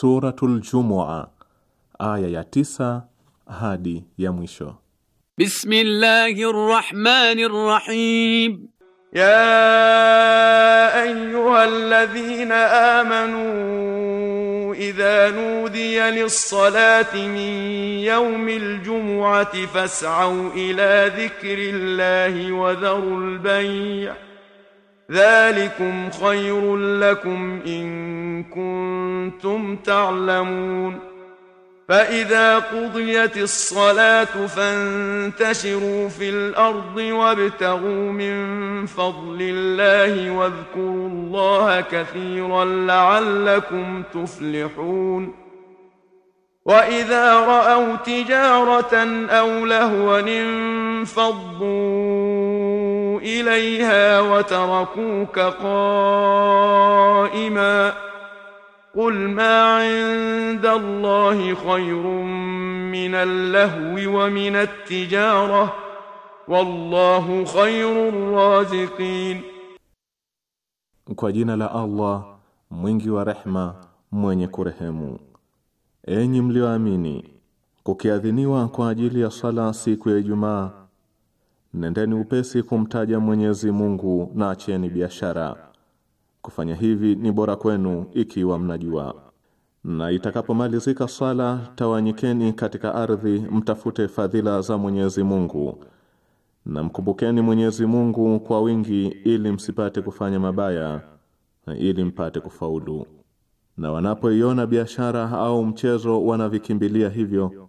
Suratul Jumua aya ya tisa hadi ya mwisho. Bismillahir Rahmanir Rahim. يا ايها الذين امنوا اذا نودي للصلاه من يوم الجمعه فاسعوا الى ذكر الله وذروا البيع ذلكم خير لكم ان كنتم تعلمون فاذا قضيت الصلاه فانتشروا في الارض وابتغوا من فضل الله واذكروا الله كثيرا لعلكم تفلحون واذا راوا تجاره او لهوا انفضوا اليها وتركوك قائما قل ما عند الله خير من اللهو ومن التجاره والله خير الرازقين kwa jina la Allah mwingi wa rehma mwenye kurehemu enyi mlioamini kukiadhiniwa kwa ajili ya sala siku ya Ijumaa Nendeni upesi kumtaja Mwenyezi Mungu na acheni biashara. Kufanya hivi ni bora kwenu ikiwa mnajua. Na itakapomalizika swala tawanyikeni katika ardhi, mtafute fadhila za Mwenyezi Mungu na mkumbukeni Mwenyezi Mungu kwa wingi, ili msipate kufanya mabaya, ili mpate kufaulu. Na wanapoiona biashara au mchezo, wanavikimbilia hivyo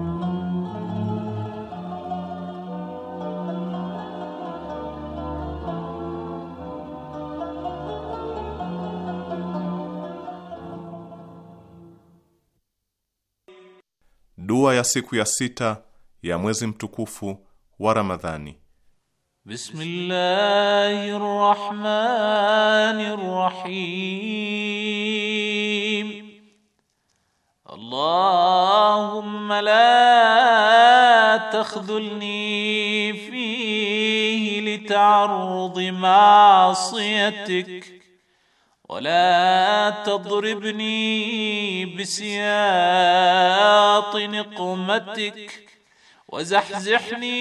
Dua ya siku ya sita ya mwezi mtukufu wa Ramadhani. Bismillahir Rahmanir Rahim. Allahumma la takhdhulni fihi li ta'arrudi ma'siyatik ولا تضربني بسياط نقمتك وزحزحني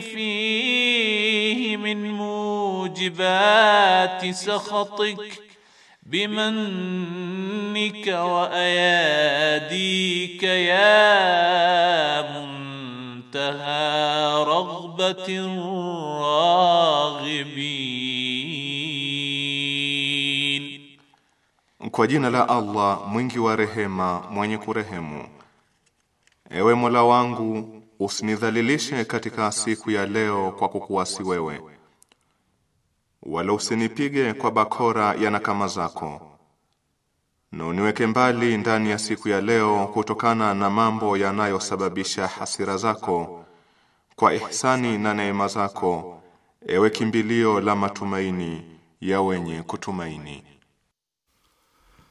فيه من موجبات سخطك بمنك واياديك يا منتهى رغبه الراغبين Kwa jina la Allah mwingi wa rehema mwenye kurehemu. Ewe Mola wangu usinidhalilishe katika siku ya leo kwa kukuasi wewe, wala usinipige kwa bakora ya nakama zako, na uniweke mbali ndani ya siku ya leo kutokana na mambo yanayosababisha hasira zako, kwa ihsani na neema zako, ewe kimbilio la matumaini ya wenye kutumaini.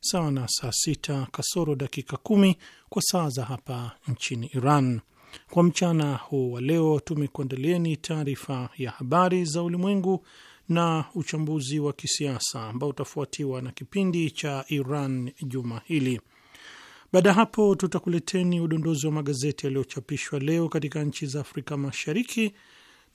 sawa na saa sita kasoro dakika kumi kwa saa za hapa nchini Iran. Kwa mchana huu wa leo tumekuandalieni taarifa ya habari za ulimwengu na uchambuzi wa kisiasa ambao utafuatiwa na kipindi cha Iran juma hili. Baada ya hapo, tutakuleteni udondozi wa magazeti yaliyochapishwa leo katika nchi za Afrika Mashariki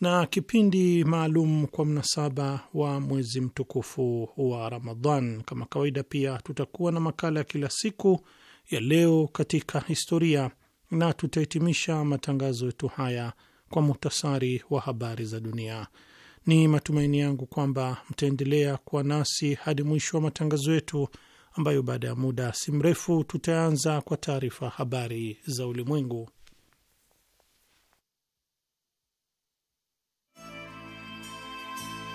na kipindi maalum kwa mnasaba wa mwezi mtukufu wa Ramadhan. Kama kawaida, pia tutakuwa na makala ya kila siku ya leo katika historia na tutahitimisha matangazo yetu haya kwa muhtasari wa habari za dunia. Ni matumaini yangu kwamba mtaendelea kuwa nasi hadi mwisho wa matangazo yetu, ambayo baada ya muda si mrefu tutaanza kwa taarifa habari za ulimwengu.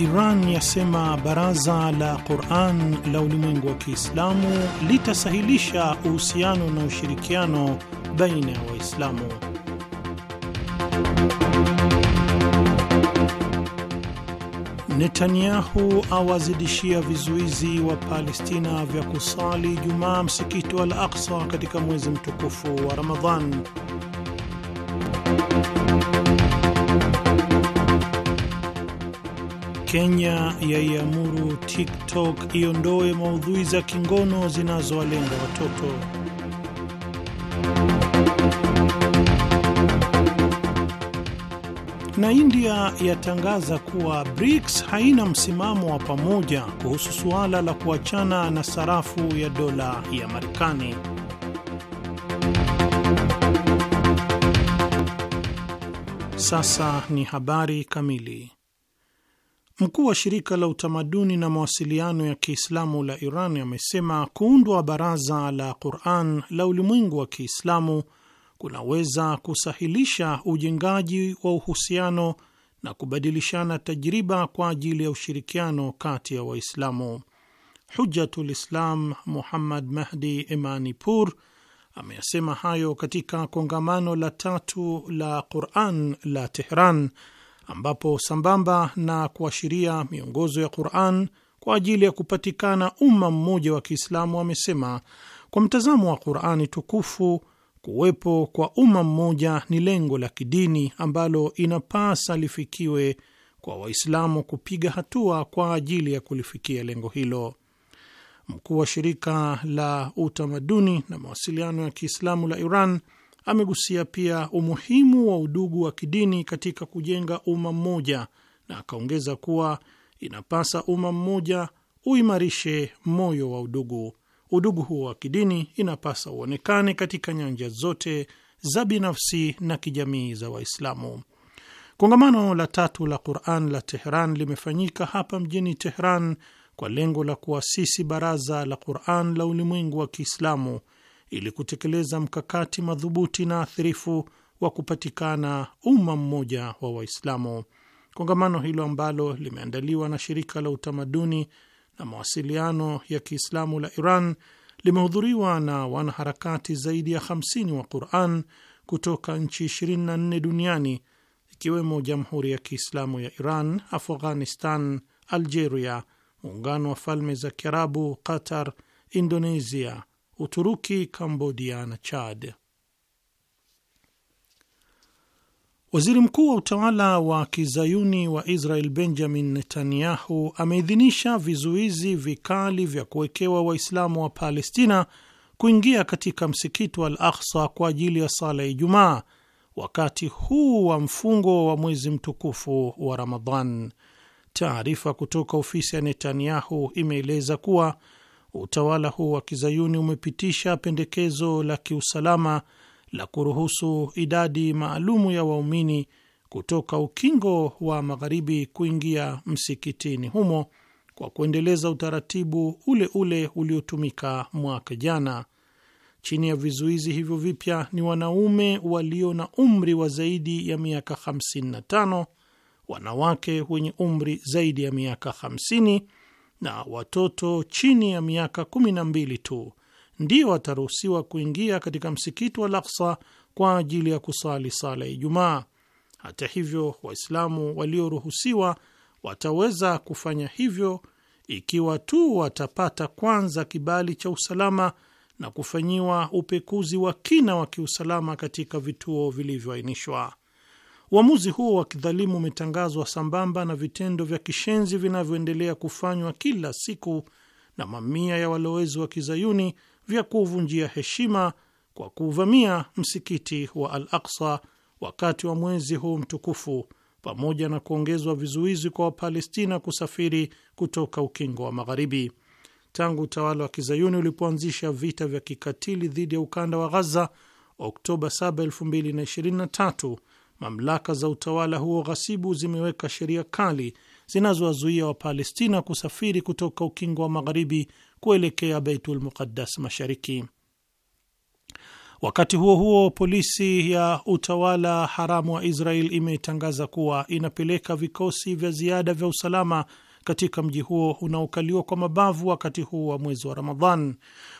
Iran yasema baraza la Quran la ulimwengu wa Kiislamu litasahilisha uhusiano na ushirikiano baina ya Waislamu. Netanyahu awazidishia vizuizi wa Palestina vya kusali Jumaa msikiti wa Al-Aqsa katika mwezi mtukufu wa Ramadhan. Kenya yaiamuru TikTok iondoe maudhui za kingono zinazowalenga watoto. Na India yatangaza kuwa BRICS haina msimamo wa pamoja kuhusu suala la kuachana na sarafu ya dola ya Marekani. Sasa ni habari kamili. Mkuu wa shirika la utamaduni na mawasiliano ya Kiislamu la Iran amesema kuundwa baraza la Quran la ulimwengu wa Kiislamu kunaweza kusahilisha ujengaji wa uhusiano na kubadilishana tajriba kwa ajili ya ushirikiano kati ya Waislamu. Hujjatul Islam Muhammad Mahdi Imani Pur ameyasema hayo katika kongamano la tatu la Quran la Tehran ambapo sambamba na kuashiria miongozo ya Quran kwa ajili ya kupatikana umma mmoja wa Kiislamu amesema kwa mtazamo wa Qurani tukufu kuwepo kwa umma mmoja ni lengo la kidini ambalo inapasa lifikiwe kwa Waislamu kupiga hatua kwa ajili ya kulifikia lengo hilo. Mkuu wa shirika la utamaduni na mawasiliano ya Kiislamu la Iran Amegusia pia umuhimu wa udugu wa kidini katika kujenga umma mmoja, na akaongeza kuwa inapasa umma mmoja uimarishe moyo wa udugu. Udugu huo wa kidini inapasa uonekane katika nyanja zote za binafsi na kijamii za Waislamu. Kongamano la tatu la Quran la Tehran limefanyika hapa mjini Tehran kwa lengo la kuasisi Baraza la Quran la Ulimwengu wa Kiislamu ili kutekeleza mkakati madhubuti na athirifu wa kupatikana umma mmoja wa Waislamu. Kongamano hilo ambalo limeandaliwa na shirika la utamaduni na mawasiliano ya Kiislamu la Iran limehudhuriwa na wanaharakati zaidi ya 50 wa Quran kutoka nchi 24 duniani ikiwemo Jamhuri ya Kiislamu ya Iran, Afghanistan, Algeria, Muungano wa Falme za Kiarabu, Qatar, Indonesia, Uturuki, Kambodia na Chad. Waziri mkuu wa utawala wa kizayuni wa Israel Benjamin Netanyahu ameidhinisha vizuizi vikali vya kuwekewa Waislamu wa Palestina kuingia katika msikiti wa Al Aksa kwa ajili ya sala ya Ijumaa wakati huu wa mfungo wa mwezi mtukufu wa Ramadhan. Taarifa kutoka ofisi ya Netanyahu imeeleza kuwa utawala huu wa kizayuni umepitisha pendekezo la kiusalama la kuruhusu idadi maalumu ya waumini kutoka ukingo wa magharibi kuingia msikitini humo kwa kuendeleza utaratibu ule ule uliotumika mwaka jana. Chini ya vizuizi hivyo vipya ni wanaume walio na umri wa zaidi ya miaka 55, wanawake wenye umri zaidi ya miaka 50 na watoto chini ya miaka 12 tu ndio wataruhusiwa kuingia katika msikiti wa Al-Aqsa kwa ajili ya kusali sala ya Ijumaa. Hata hivyo, Waislamu walioruhusiwa wataweza kufanya hivyo ikiwa tu watapata kwanza kibali cha usalama na kufanyiwa upekuzi wa kina wa kiusalama katika vituo vilivyoainishwa. Uamuzi huo wa kidhalimu umetangazwa sambamba na vitendo vya kishenzi vinavyoendelea kufanywa kila siku na mamia ya walowezi wa kizayuni vya kuvunjia heshima kwa kuuvamia msikiti wa Al Aksa wakati wa mwezi huu mtukufu, pamoja na kuongezwa vizuizi kwa Wapalestina kusafiri kutoka ukingo wa Magharibi. Tangu utawala wa kizayuni ulipoanzisha vita vya kikatili dhidi ya ukanda wa Ghaza Oktoba 7, 2023 mamlaka za utawala huo ghasibu zimeweka sheria kali zinazowazuia Wapalestina kusafiri kutoka ukingo wa magharibi kuelekea Baitul Muqaddas mashariki. Wakati huo huo, polisi ya utawala haramu wa Israel imetangaza kuwa inapeleka vikosi vya ziada vya usalama katika mji huo unaokaliwa kwa mabavu wakati huu wa mwezi wa Ramadhan.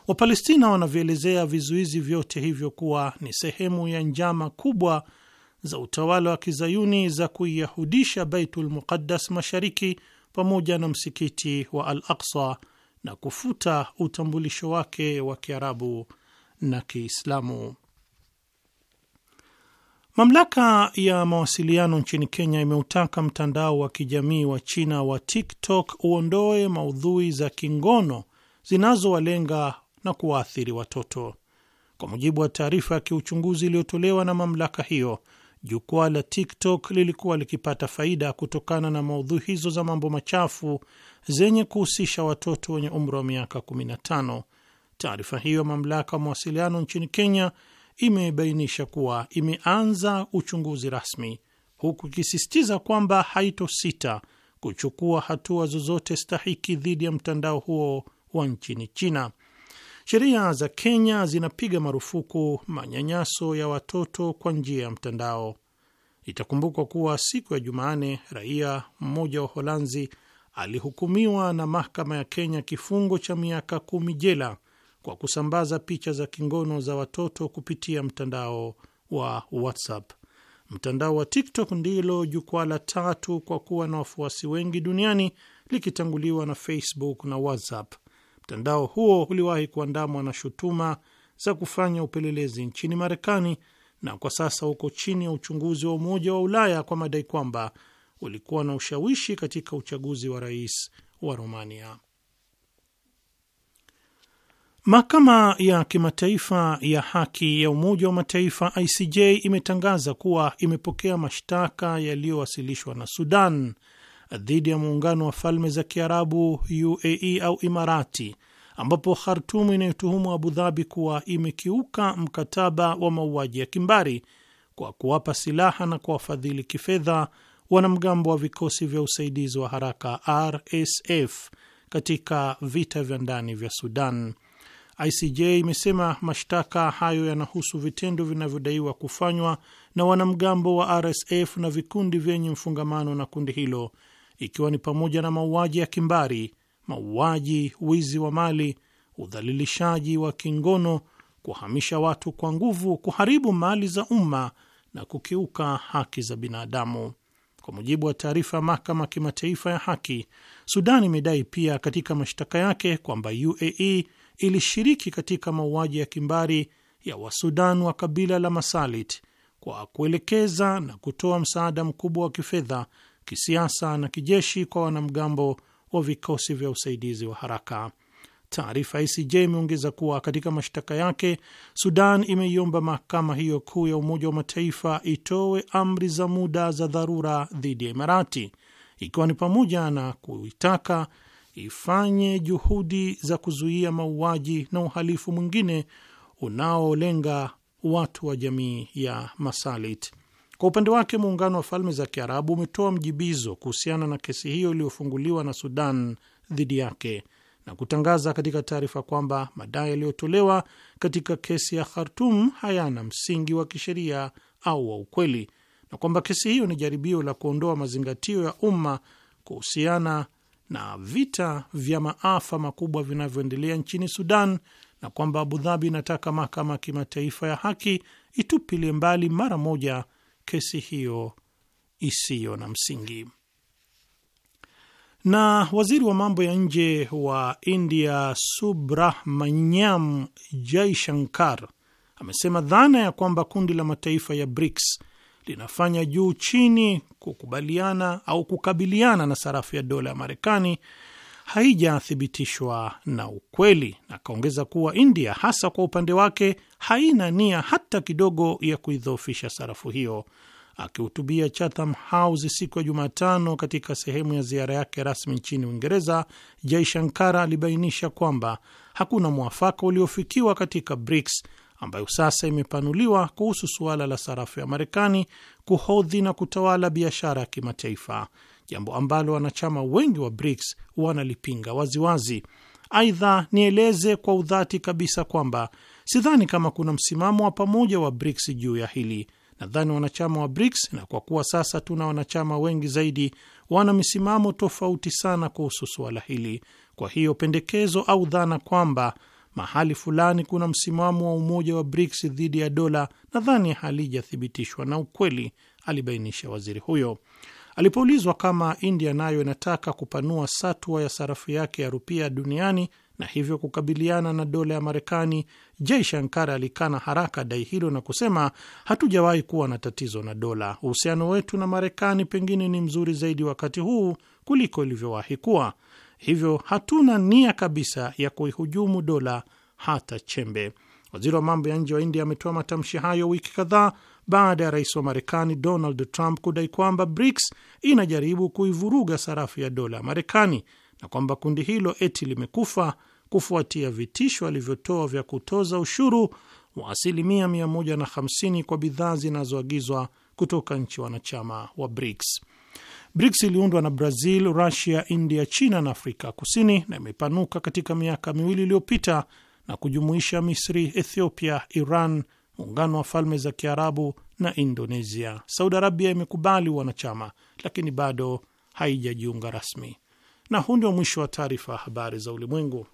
Wapalestina wanavyoelezea vizuizi vyote hivyo kuwa ni sehemu ya njama kubwa za utawala wa kizayuni za kuiyahudisha Baitul Muqaddas mashariki pamoja na msikiti wa Al Aqsa na kufuta utambulisho wake wa Kiarabu na Kiislamu. Mamlaka ya mawasiliano nchini Kenya imeutaka mtandao wa kijamii wa China wa TikTok uondoe maudhui za kingono zinazowalenga na kuwaathiri watoto. Kwa mujibu wa taarifa ya kiuchunguzi iliyotolewa na mamlaka hiyo, Jukwaa la TikTok lilikuwa likipata faida kutokana na maudhui hizo za mambo machafu zenye kuhusisha watoto wenye umri wa miaka 15. Taarifa hiyo mamlaka ya mawasiliano nchini Kenya imebainisha kuwa imeanza uchunguzi rasmi, huku ikisisitiza kwamba haitosita kuchukua hatua zozote stahiki dhidi ya mtandao huo wa nchini China. Sheria za Kenya zinapiga marufuku manyanyaso ya watoto kwa njia ya mtandao. Itakumbukwa kuwa siku ya jumanne raia mmoja wa Holanzi alihukumiwa na mahakama ya Kenya kifungo cha miaka kumi jela kwa kusambaza picha za kingono za watoto kupitia mtandao wa WhatsApp. Mtandao wa TikTok ndilo jukwaa la tatu kwa kuwa na wafuasi wengi duniani likitanguliwa na Facebook na WhatsApp. Mtandao huo uliwahi kuandamwa na shutuma za kufanya upelelezi nchini Marekani na kwa sasa uko chini ya uchunguzi wa Umoja wa Ulaya kwa madai kwamba ulikuwa na ushawishi katika uchaguzi wa rais wa Romania. Mahakama ya Kimataifa ya Haki ya Umoja wa Mataifa ICJ imetangaza kuwa imepokea mashtaka yaliyowasilishwa na Sudan dhidi ya muungano wa falme za Kiarabu UAE au Imarati, ambapo Khartum inayotuhumu Abu Dhabi kuwa imekiuka mkataba wa mauaji ya kimbari kwa kuwapa silaha na kuwafadhili kifedha wanamgambo wa vikosi vya usaidizi wa haraka RSF katika vita vya ndani vya Sudan. ICJ imesema mashtaka hayo yanahusu vitendo vinavyodaiwa kufanywa na wanamgambo wa RSF na vikundi vyenye mfungamano na kundi hilo ikiwa ni pamoja na mauaji ya kimbari, mauaji, wizi wa mali, udhalilishaji wa kingono, kuhamisha watu kwa nguvu, kuharibu mali za umma na kukiuka haki za binadamu. Kwa mujibu wa taarifa ya mahakama ya kimataifa ya haki, Sudan imedai pia katika mashtaka yake kwamba UAE ilishiriki katika mauaji ya kimbari ya Wasudan wa kabila la Masalit kwa kuelekeza na kutoa msaada mkubwa wa kifedha kisiasa na kijeshi kwa wanamgambo wa vikosi vya usaidizi wa haraka. Taarifa ICJ imeongeza kuwa katika mashtaka yake, Sudan imeiomba mahakama hiyo kuu ya Umoja wa Mataifa itoe amri za muda za dharura dhidi ya Imarati, ikiwa ni pamoja na kuitaka ifanye juhudi za kuzuia mauaji na uhalifu mwingine unaolenga watu wa jamii ya Masalit. Kwa upande wake muungano wa falme za Kiarabu umetoa mjibizo kuhusiana na kesi hiyo iliyofunguliwa na Sudan dhidi yake na kutangaza katika taarifa kwamba madai yaliyotolewa katika kesi ya Khartum hayana msingi wa kisheria au wa ukweli na kwamba kesi hiyo ni jaribio la kuondoa mazingatio ya umma kuhusiana na vita vya maafa makubwa vinavyoendelea nchini Sudan na kwamba Abu Dhabi inataka mahakama ya kimataifa ya haki itupilie mbali mara moja kesi hiyo isiyo na msingi. Na waziri wa mambo ya nje wa India Subrahmanyam Jaishankar amesema dhana ya kwamba kundi la mataifa ya BRICS linafanya juu chini kukubaliana au kukabiliana na sarafu ya dola ya Marekani haijathibitishwa na ukweli, na akaongeza kuwa India hasa kwa upande wake haina nia hata kidogo ya kuidhoofisha sarafu hiyo. Akihutubia Chatham House siku ya Jumatano katika sehemu ya ziara yake rasmi nchini Uingereza, Jaishankara alibainisha kwamba hakuna mwafaka uliofikiwa katika BRICS ambayo sasa imepanuliwa kuhusu suala la sarafu ya Marekani kuhodhi na kutawala biashara ya kimataifa jambo ambalo wanachama wengi wa BRICS wanalipinga waziwazi. Aidha, nieleze kwa udhati kabisa kwamba sidhani kama kuna msimamo wa pamoja wa BRICS juu ya hili. Nadhani wanachama wa BRICS, na kwa kuwa sasa tuna wanachama wengi zaidi, wana misimamo tofauti sana kuhusu suala hili. Kwa hiyo pendekezo au dhana kwamba mahali fulani kuna msimamo wa umoja wa BRICS dhidi ya dola nadhani halijathibitishwa na ukweli, alibainisha waziri huyo. Alipoulizwa kama India nayo inataka kupanua satwa ya sarafu yake ya rupia duniani na hivyo kukabiliana na dola ya Marekani, Jai Shankara alikana haraka dai hilo na kusema, hatujawahi kuwa na tatizo na dola. Uhusiano wetu na Marekani pengine ni mzuri zaidi wakati huu kuliko ilivyowahi kuwa, hivyo hatuna nia kabisa ya kuihujumu dola hata chembe. Waziri wa mambo ya nje wa India ametoa matamshi hayo wiki kadhaa baada ya rais wa Marekani Donald Trump kudai kwamba BRICS inajaribu kuivuruga sarafu ya dola ya Marekani na kwamba kundi hilo eti limekufa kufuatia vitisho alivyotoa vya kutoza ushuru wa asilimia 150 kwa bidhaa zinazoagizwa kutoka nchi wanachama wa BRICS. BRICS iliundwa na Brazil, Russia, India, China na Afrika Kusini na imepanuka katika miaka miwili iliyopita na kujumuisha Misri, Ethiopia, Iran, muungano wa falme za Kiarabu na Indonesia. Saudi Arabia imekubali wanachama lakini bado haijajiunga rasmi. Na huu ndio mwisho wa taarifa ya habari za ulimwengu.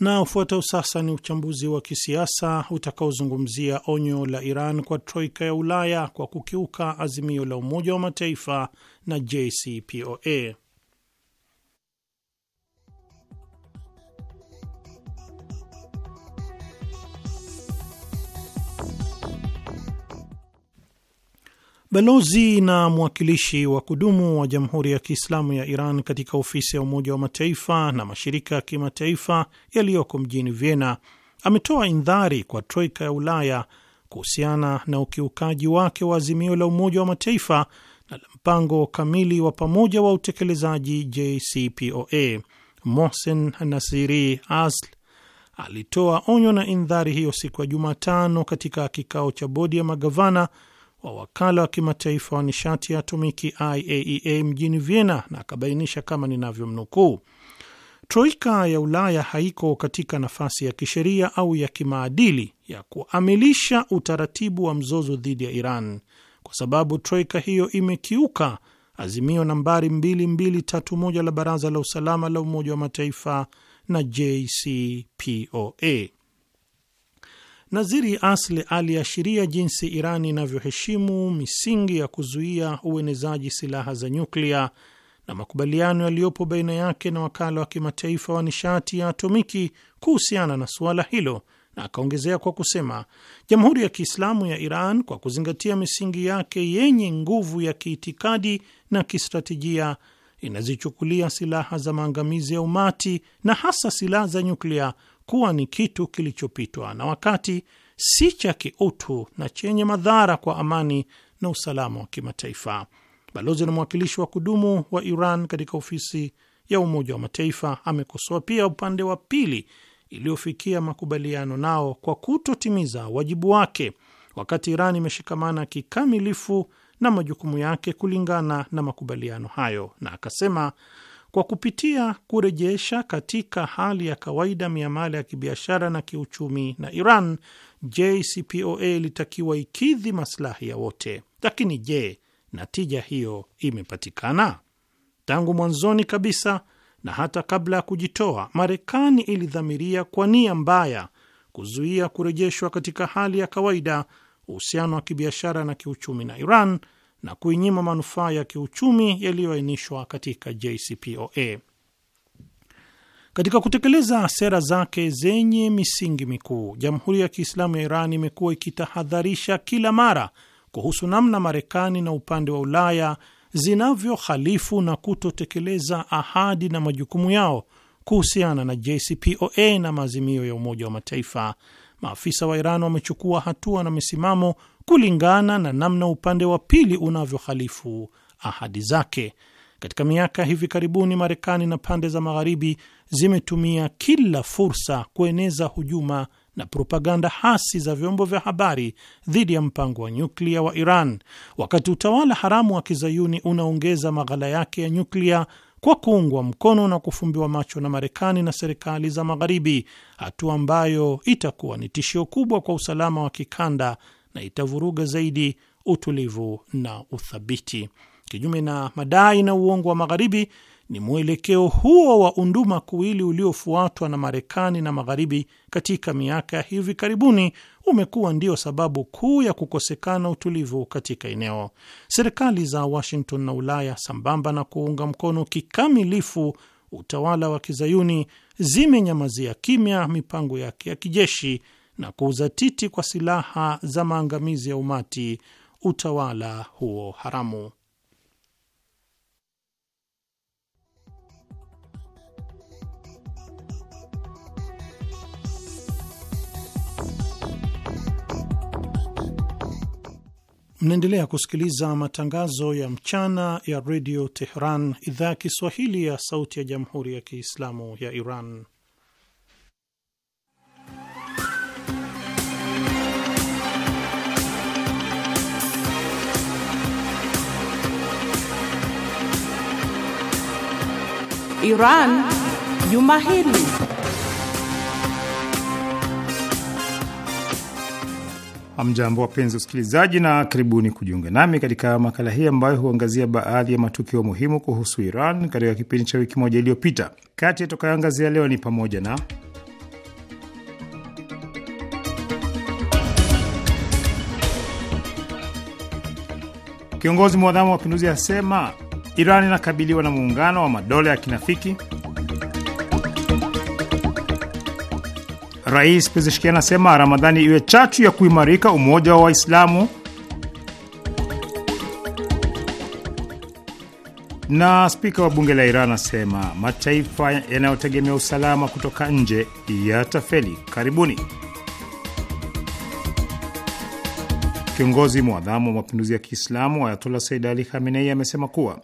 Na ufuatao sasa ni uchambuzi wa kisiasa utakaozungumzia onyo la Iran kwa troika ya Ulaya kwa kukiuka azimio la Umoja wa Mataifa na JCPOA. Balozi na mwakilishi wa kudumu wa Jamhuri ya Kiislamu ya Iran katika ofisi ya Umoja wa Mataifa na mashirika ya kimataifa yaliyoko mjini Vienna ametoa indhari kwa troika ya Ulaya kuhusiana na ukiukaji wake wa azimio la Umoja wa Mataifa na la mpango kamili wa pamoja wa utekelezaji JCPOA. Mohsen Nasiri Asl alitoa onyo na indhari hiyo siku ya Jumatano katika kikao cha bodi ya magavana wa wakala wa kimataifa wa nishati ya atomiki IAEA e mjini Vienna na akabainisha kama ninavyomnukuu, troika ya Ulaya haiko katika nafasi ya kisheria au ya kimaadili ya kuamilisha utaratibu wa mzozo dhidi ya Iran kwa sababu troika hiyo imekiuka azimio nambari 2231 la Baraza la Usalama la Umoja wa Mataifa na JCPOA. Naziri Asli aliashiria jinsi Irani inavyoheshimu misingi ya kuzuia uenezaji silaha za nyuklia na makubaliano yaliyopo baina yake na wakala wa kimataifa wa nishati ya atomiki kuhusiana na suala hilo, na akaongezea kwa kusema, Jamhuri ya Kiislamu ya Iran kwa kuzingatia misingi yake yenye nguvu ya kiitikadi na kistratejia inazichukulia silaha za maangamizi ya umati na hasa silaha za nyuklia kuwa ni kitu kilichopitwa na wakati, si cha kiutu na chenye madhara kwa amani na usalama wa kimataifa. Balozi na mwakilishi wa kudumu wa Iran katika ofisi ya Umoja wa Mataifa amekosoa pia upande wa pili iliyofikia makubaliano nao kwa kutotimiza wajibu wake, wakati Iran imeshikamana kikamilifu na majukumu yake kulingana na makubaliano hayo, na akasema kwa kupitia kurejesha katika hali ya kawaida miamala ya kibiashara na kiuchumi na Iran, JCPOA ilitakiwa ikidhi maslahi ya wote. Lakini je, natija hiyo imepatikana? Tangu mwanzoni kabisa na hata kabla ya kujitoa, Marekani ilidhamiria kwa nia mbaya kuzuia kurejeshwa katika hali ya kawaida uhusiano wa kibiashara na kiuchumi na Iran na kuinyima manufaa ya kiuchumi yaliyoainishwa katika JCPOA. Katika kutekeleza sera zake zenye misingi mikuu, Jamhuri ya Kiislamu ya Iran imekuwa ikitahadharisha kila mara kuhusu namna Marekani na upande wa Ulaya zinavyohalifu na kutotekeleza ahadi na majukumu yao kuhusiana na JCPOA na maazimio ya Umoja wa Mataifa. Maafisa wa Iran wamechukua hatua na misimamo kulingana na namna upande wa pili unavyohalifu ahadi zake. Katika miaka hivi karibuni, Marekani na pande za Magharibi zimetumia kila fursa kueneza hujuma na propaganda hasi za vyombo vya habari dhidi ya mpango wa nyuklia wa Iran, wakati utawala haramu wa kizayuni unaongeza maghala yake ya nyuklia kwa kuungwa mkono na kufumbiwa macho na Marekani na serikali za Magharibi, hatua ambayo itakuwa ni tishio kubwa kwa usalama wa kikanda na itavuruga zaidi utulivu na uthabiti. Kinyume na madai na uongo wa Magharibi, ni mwelekeo huo wa unduma kuwili uliofuatwa na Marekani na Magharibi katika miaka ya hivi karibuni umekuwa ndio sababu kuu ya kukosekana utulivu katika eneo. Serikali za Washington na Ulaya, sambamba na kuunga mkono kikamilifu utawala wa Kizayuni, zimenyamazia kimya mipango yake ya kijeshi na titi kwa silaha za maangamizi ya umati utawala huo haramu. Mnaendelea kusikiliza matangazo ya mchana ya redio Tehran, idhaa ya Kiswahili ya sauti ya jamhuri ya kiislamu ya Iran. Iran juma hili. Hamjambo, wapenzi usikilizaji, na karibuni kujiunga nami katika makala hii ambayo huangazia baadhi ya matukio muhimu kuhusu Iran katika kipindi cha wiki moja iliyopita. Kati ya tutakayoangazia leo ni pamoja na kiongozi mwadhamu wa mapinduzi asema Iran inakabiliwa na muungano wa madola ya kinafiki. Rais Pezeshkian anasema Ramadhani iwe chachu ya kuimarika umoja wa Waislamu. Na spika wa bunge la Iran anasema mataifa yanayotegemea usalama kutoka nje yatafeli karibuni. Kiongozi mwadhamu wa mapinduzi ya Kiislamu Ayatollah Said Ali Khamenei amesema kuwa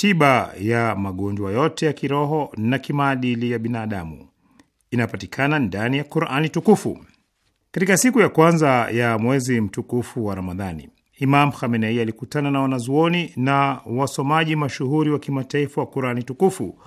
Tiba ya magonjwa yote ya kiroho na kimaadili ya binadamu inapatikana ndani ya Qurani tukufu. Katika siku ya kwanza ya mwezi mtukufu wa Ramadhani, Imam Khamenei alikutana na wanazuoni na wasomaji mashuhuri wa kimataifa wa Qurani tukufu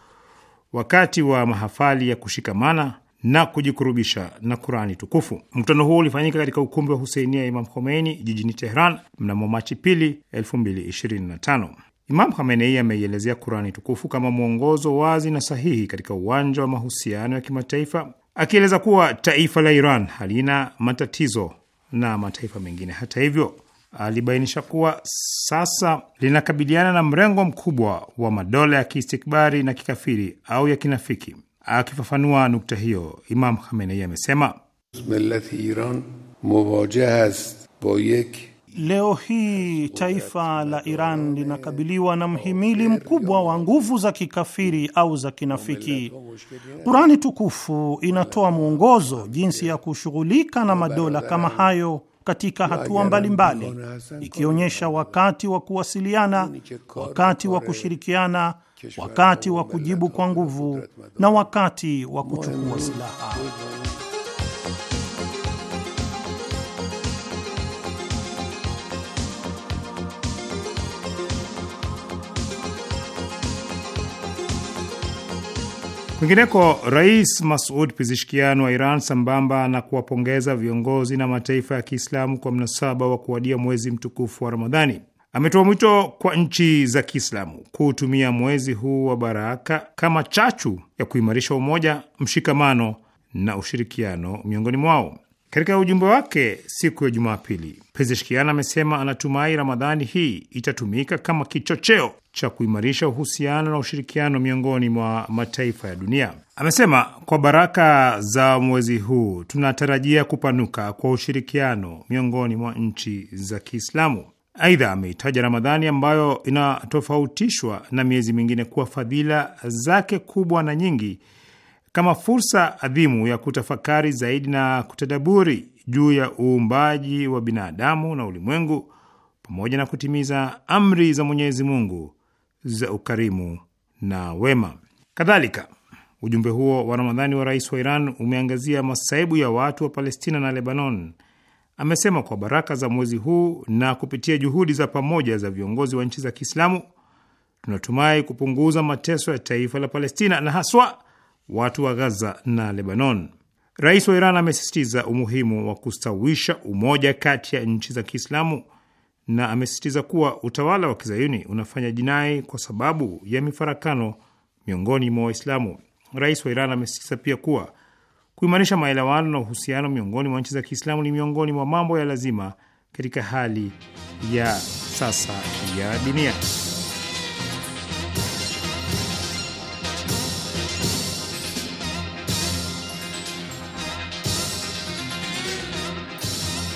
wakati wa mahafali ya kushikamana na kujikurubisha na Qurani tukufu. Mkutano huo ulifanyika katika ukumbi wa Huseinia ya Imam Khomeini jijini Tehran mnamo Machi pili 2025. Imam Hamenei ameielezea Kurani tukufu kama mwongozo wazi na sahihi katika uwanja wa mahusiano ya kimataifa, akieleza kuwa taifa la Iran halina matatizo na mataifa mengine. Hata hivyo, alibainisha kuwa sasa linakabiliana na mrengo mkubwa wa madola ya kiistikbari na kikafiri au ya kinafiki. Akifafanua nukta hiyo, Imam Hamenei amesema: millat iran ast yek Leo hii taifa la Iran linakabiliwa na mhimili mkubwa wa nguvu za kikafiri au za kinafiki. Kurani tukufu inatoa mwongozo jinsi ya kushughulika na madola kama hayo katika hatua mbalimbali, ikionyesha wakati wa kuwasiliana, wakati wa kushirikiana, wakati wa kujibu kwa nguvu na wakati wa kuchukua silaha. Kwingineko, Rais Masud pizishkian wa Iran, sambamba na kuwapongeza viongozi na mataifa ya Kiislamu kwa mnasaba wa kuwadia mwezi mtukufu wa Ramadhani, ametoa mwito kwa nchi za Kiislamu kuutumia mwezi huu wa baraka kama chachu ya kuimarisha umoja, mshikamano na ushirikiano miongoni mwao. Katika ujumbe wake siku ya Jumapili, Pezeshkian amesema anatumai Ramadhani hii itatumika kama kichocheo cha kuimarisha uhusiano na ushirikiano miongoni mwa mataifa ya dunia. Amesema kwa baraka za mwezi huu tunatarajia kupanuka kwa ushirikiano miongoni mwa nchi za Kiislamu. Aidha, ameitaja Ramadhani ambayo inatofautishwa na miezi mingine kuwa fadhila zake kubwa na nyingi kama fursa adhimu ya kutafakari zaidi na kutadaburi juu ya uumbaji wa binadamu na ulimwengu pamoja na kutimiza amri za Mwenyezi Mungu za ukarimu na wema. Kadhalika, ujumbe huo wa Ramadhani wa rais wa Iran umeangazia masaibu ya watu wa Palestina na Lebanon. Amesema kwa baraka za mwezi huu na kupitia juhudi za pamoja za viongozi wa nchi za Kiislamu tunatumai kupunguza mateso ya taifa la Palestina na haswa watu wa Gaza na Lebanon. Rais wa Iran amesisitiza umuhimu wa kustawisha umoja kati ya nchi za Kiislamu na amesisitiza kuwa utawala wa kizayuni unafanya jinai kwa sababu ya mifarakano miongoni mwa Waislamu. Rais wa Iran amesisitiza pia kuwa kuimarisha maelewano na uhusiano miongoni mwa nchi za Kiislamu ni miongoni mwa mambo ya lazima katika hali ya sasa ya dunia.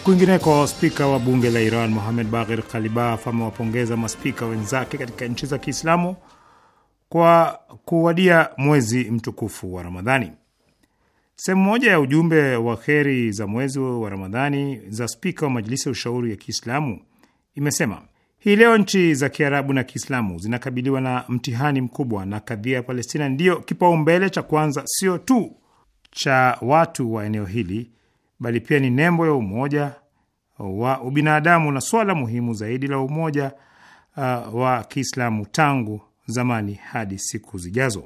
Kwingineko, spika wa bunge la Iran muhamed Baghir Kalibaf amewapongeza maspika wenzake katika nchi za Kiislamu kwa kuwadia mwezi mtukufu wa Ramadhani. Sehemu moja ya ujumbe wa kheri za mwezi wa Ramadhani za spika wa Majlisi ya Ushauri ya Kiislamu imesema hii leo nchi za Kiarabu na Kiislamu zinakabiliwa na mtihani mkubwa, na kadhia ya Palestina ndiyo kipaumbele cha kwanza, sio tu cha watu wa eneo hili bali pia ni nembo ya umoja wa ubinadamu na swala muhimu zaidi la umoja uh, wa Kiislamu tangu zamani hadi siku zijazo.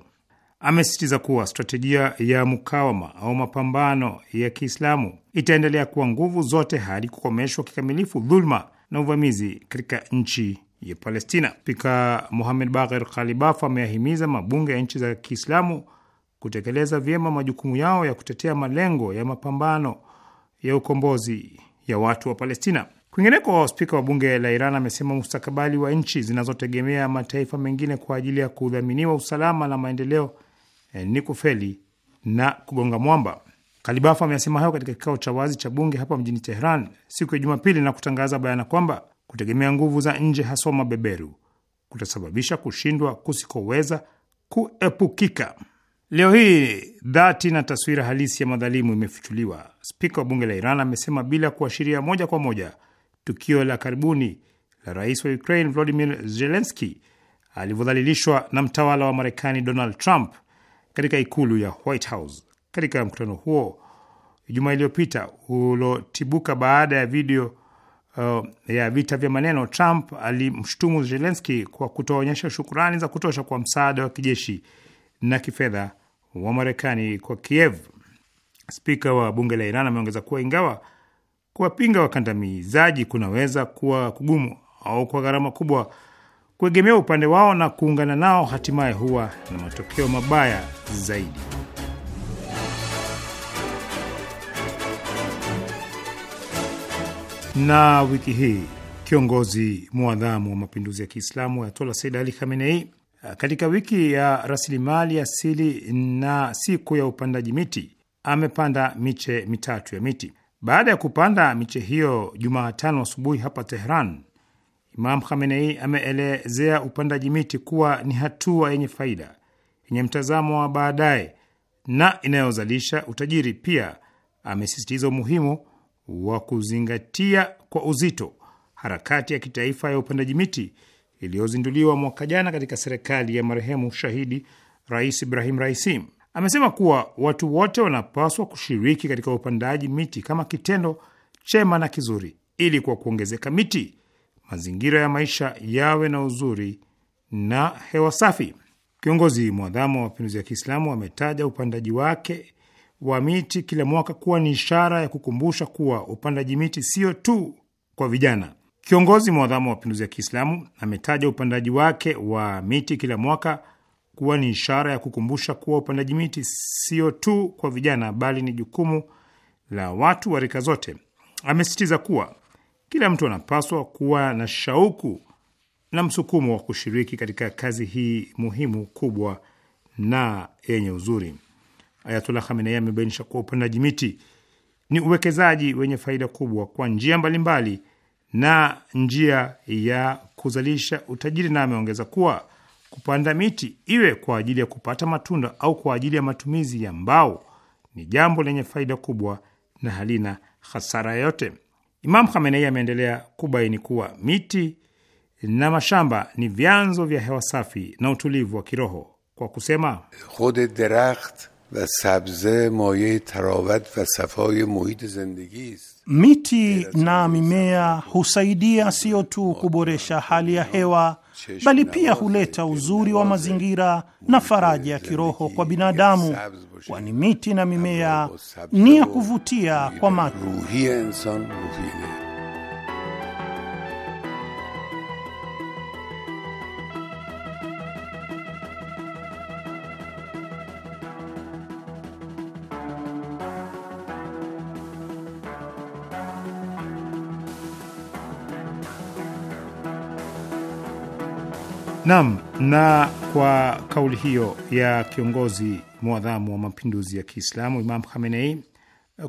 Amesisitiza kuwa strategia ya mukawama au mapambano ya Kiislamu itaendelea kuwa nguvu zote hadi kukomeshwa kikamilifu dhuluma na uvamizi katika nchi ya Palestina. Spika Mohamed Bagher Ghalibaf ameyahimiza mabunge ya nchi za Kiislamu kutekeleza vyema majukumu yao ya kutetea malengo ya mapambano ya ukombozi ya watu wa Palestina. Kwingineko, spika wa bunge la Iran amesema mustakabali wa nchi zinazotegemea mataifa mengine kwa ajili ya kudhaminiwa usalama na maendeleo eh, ni kufeli na kugonga mwamba. Kalibaf amesema hayo katika kikao cha wazi cha bunge hapa mjini Tehran siku ya Jumapili na kutangaza bayana kwamba kutegemea nguvu za nje, haswa mabeberu, kutasababisha kushindwa kusikoweza kuepukika. Leo hii dhati na taswira halisi ya madhalimu imefichuliwa. Spika wa bunge la Iran amesema bila kuashiria moja kwa moja tukio la karibuni la rais wa Ukraine Volodymyr zelenski alivyodhalilishwa na mtawala wa Marekani Donald Trump katika ikulu ya White House. Katika mkutano huo Ijumaa iliyopita ulotibuka baada ya video uh, ya vita vya maneno, Trump alimshutumu zelenski kwa kutoonyesha shukurani za kutosha kwa msaada wa kijeshi na kifedha wa Marekani kwa Kiev. Spika wa bunge la Iran ameongeza kuwa ingawa kuwapinga wakandamizaji kunaweza kuwa kugumu au kwa gharama kubwa, kuegemea upande wao na kuungana nao hatimaye huwa na matokeo mabaya zaidi. Na wiki hii kiongozi mwadhamu wa mapinduzi ya Kiislamu Ayatollah Said Ali Khamenei Uh, katika wiki ya rasilimali asili na siku ya upandaji miti amepanda miche mitatu ya miti. Baada ya kupanda miche hiyo Jumatano asubuhi hapa teheran Imam Khamenei ameelezea upandaji miti kuwa ni hatua yenye faida, yenye mtazamo wa baadaye na inayozalisha utajiri. Pia amesisitiza umuhimu wa kuzingatia kwa uzito harakati ya kitaifa ya upandaji miti iliyozinduliwa mwaka jana katika serikali ya marehemu shahidi Rais Ibrahim Raisi. Amesema kuwa watu wote wanapaswa kushiriki katika upandaji miti kama kitendo chema na kizuri, ili kwa kuongezeka miti mazingira ya maisha yawe na uzuri na hewa safi. Kiongozi mwadhamu wa mapinduzi ya Kiislamu ametaja upandaji wake wa miti kila mwaka kuwa ni ishara ya kukumbusha kuwa upandaji miti sio tu kwa vijana Kiongozi mwadhamu wa mapinduzi ya Kiislamu ametaja upandaji wake wa miti kila mwaka kuwa ni ishara ya kukumbusha kuwa upandaji miti sio tu kwa vijana, bali ni jukumu la watu wa rika zote. Amesisitiza kuwa kila mtu anapaswa kuwa na shauku na msukumo wa kushiriki katika kazi hii muhimu, kubwa na yenye uzuri. Ayatullah Khamenei amebainisha kuwa upandaji miti ni uwekezaji wenye faida kubwa kwa njia mbalimbali na njia ya kuzalisha utajiri, na ameongeza kuwa kupanda miti iwe kwa ajili ya kupata matunda au kwa ajili ya matumizi ya mbao ni jambo lenye faida kubwa na halina hasara yoyote. Imam Khamenei ameendelea kubaini kuwa miti na mashamba ni vyanzo vya hewa safi na utulivu wa kiroho kwa kusema, khode derakht wa sabze moye tarawat wa safaye muhit zindagi ist Miti na mimea husaidia sio tu kuboresha hali ya hewa, bali pia huleta uzuri wa mazingira na faraja ya kiroho kwa binadamu, kwani miti na mimea ni ya kuvutia kwa macho. Naam, na kwa kauli hiyo ya kiongozi mwadhamu wa mapinduzi ya Kiislamu Imam Khamenei